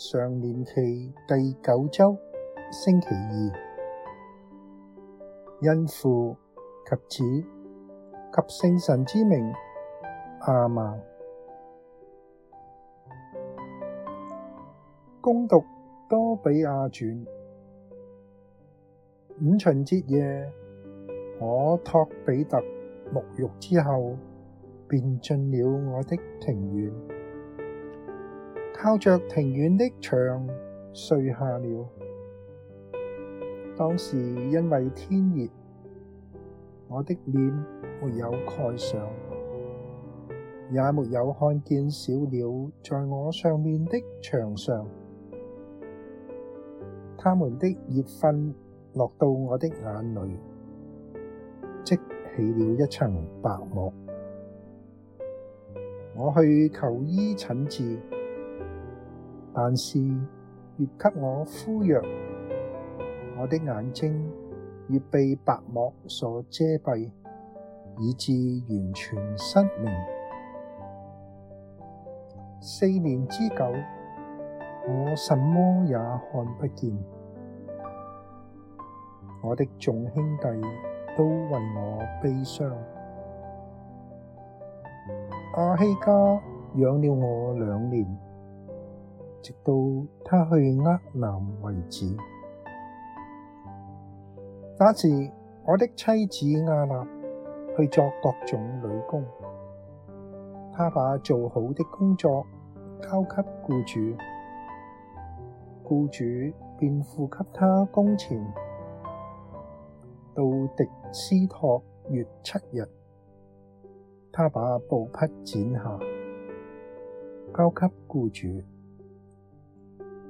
常年期第九周星期二，因父及子及聖神之名，亞孟。恭讀多俾亞傳五旬節夜，我托彼特沐浴之後，便進了我的庭院。靠着庭院的牆睡下了。當時因為天熱，我的臉沒有蓋上，也沒有看見小鳥在我上面的牆上，它們的熱糞落到我的眼裏，即起了一層白膜。我去求醫診治。但是越給我敷藥，我的眼睛越被白膜所遮蔽，以致完全失明。四年之久，我什麼也看不見。我的眾兄弟都為我悲傷。阿希加養了我兩年。直到他去厄藍為止。那時，我的妻子亞納去作各種女工。她把做好的工作交給僱主，僱主便付給她工錢。到迪斯托月七日，她把布匹剪下，交給僱主。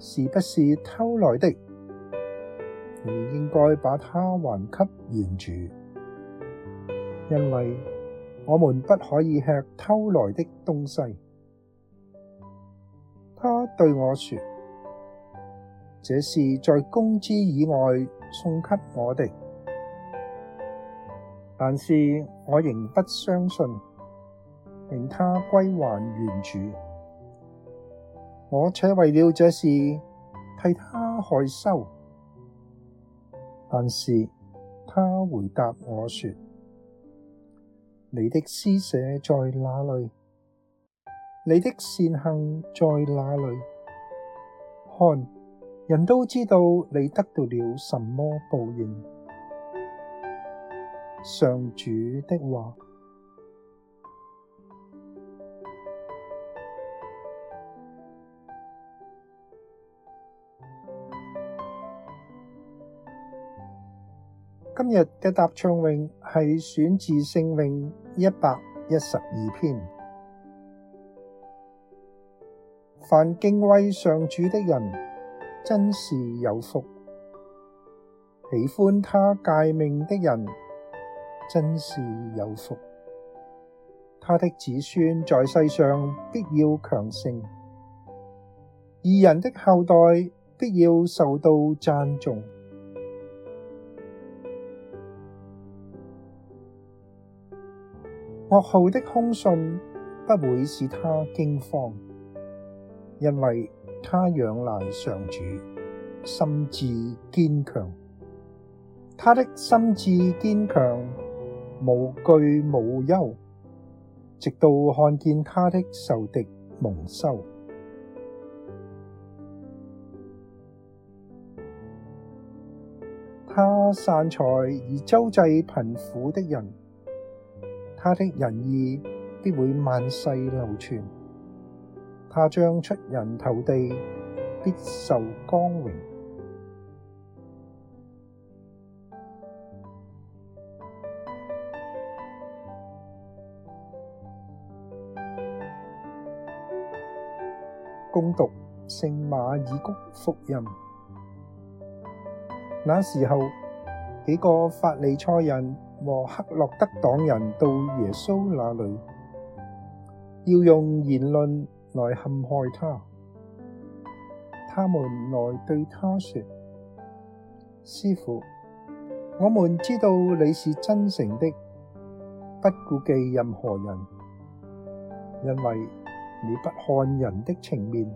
是不是偷來的？你應該把它還給原主，因為我們不可以吃偷來的東西。他對我說：這是在工資以外送給我的，但是我仍不相信，令他歸還原主。我且為了這事替他害羞，但是他回答我說：你的施捨在哪裏？你的善行在哪裏？看，人都知道你得到了什麼報應。上主的話。今日嘅答唱詠，係選自聖詠一百一十二篇。凡敬畏上主的人，真是有福；喜歡他誡命的人，真是有福！他的子孫在世上必要強盛，義人的後代必要受到讚頌。噩耗的凶信不會使他驚慌，因為他仰賴上主，心志堅強。他的心志堅強，無懼無憂，直到看見他的仇敵蒙羞。他散財而周濟貧苦的人。他的仁義必會萬世流傳，他將出人頭地，必受光榮。恭讀聖馬爾谷福音，那時候幾個法利塞人，和黑落德黨人到耶穌那裏，要用言論來陷害他。他們來對他說：師傅，我們知道你是真誠的，不顧忌任何人，因為你不看人的情面，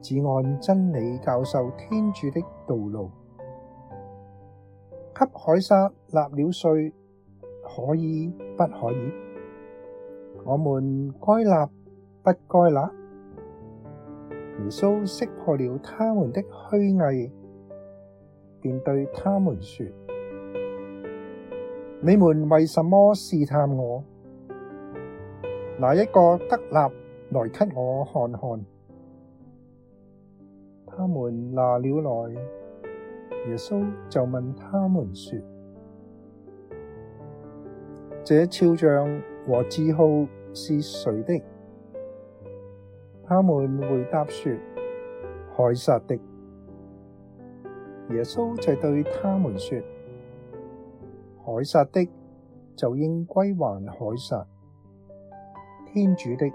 只按真理教授天主的道路。給凱撒納了稅，可以不可以？我們該納不該納？耶穌識破了他們的虛偽，便對他們說：你們為什麼試探我？拿一個德納來給我看看。他們拿了來。耶穌就問他們說：這肖像和字號是誰的？他們回答說：凱撒的。耶穌就對他們說：凱撒的就應歸還凱撒，天主的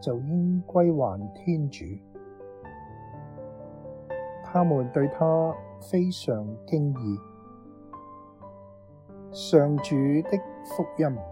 就應歸還天主。他們對他非常驚異。上主的福音。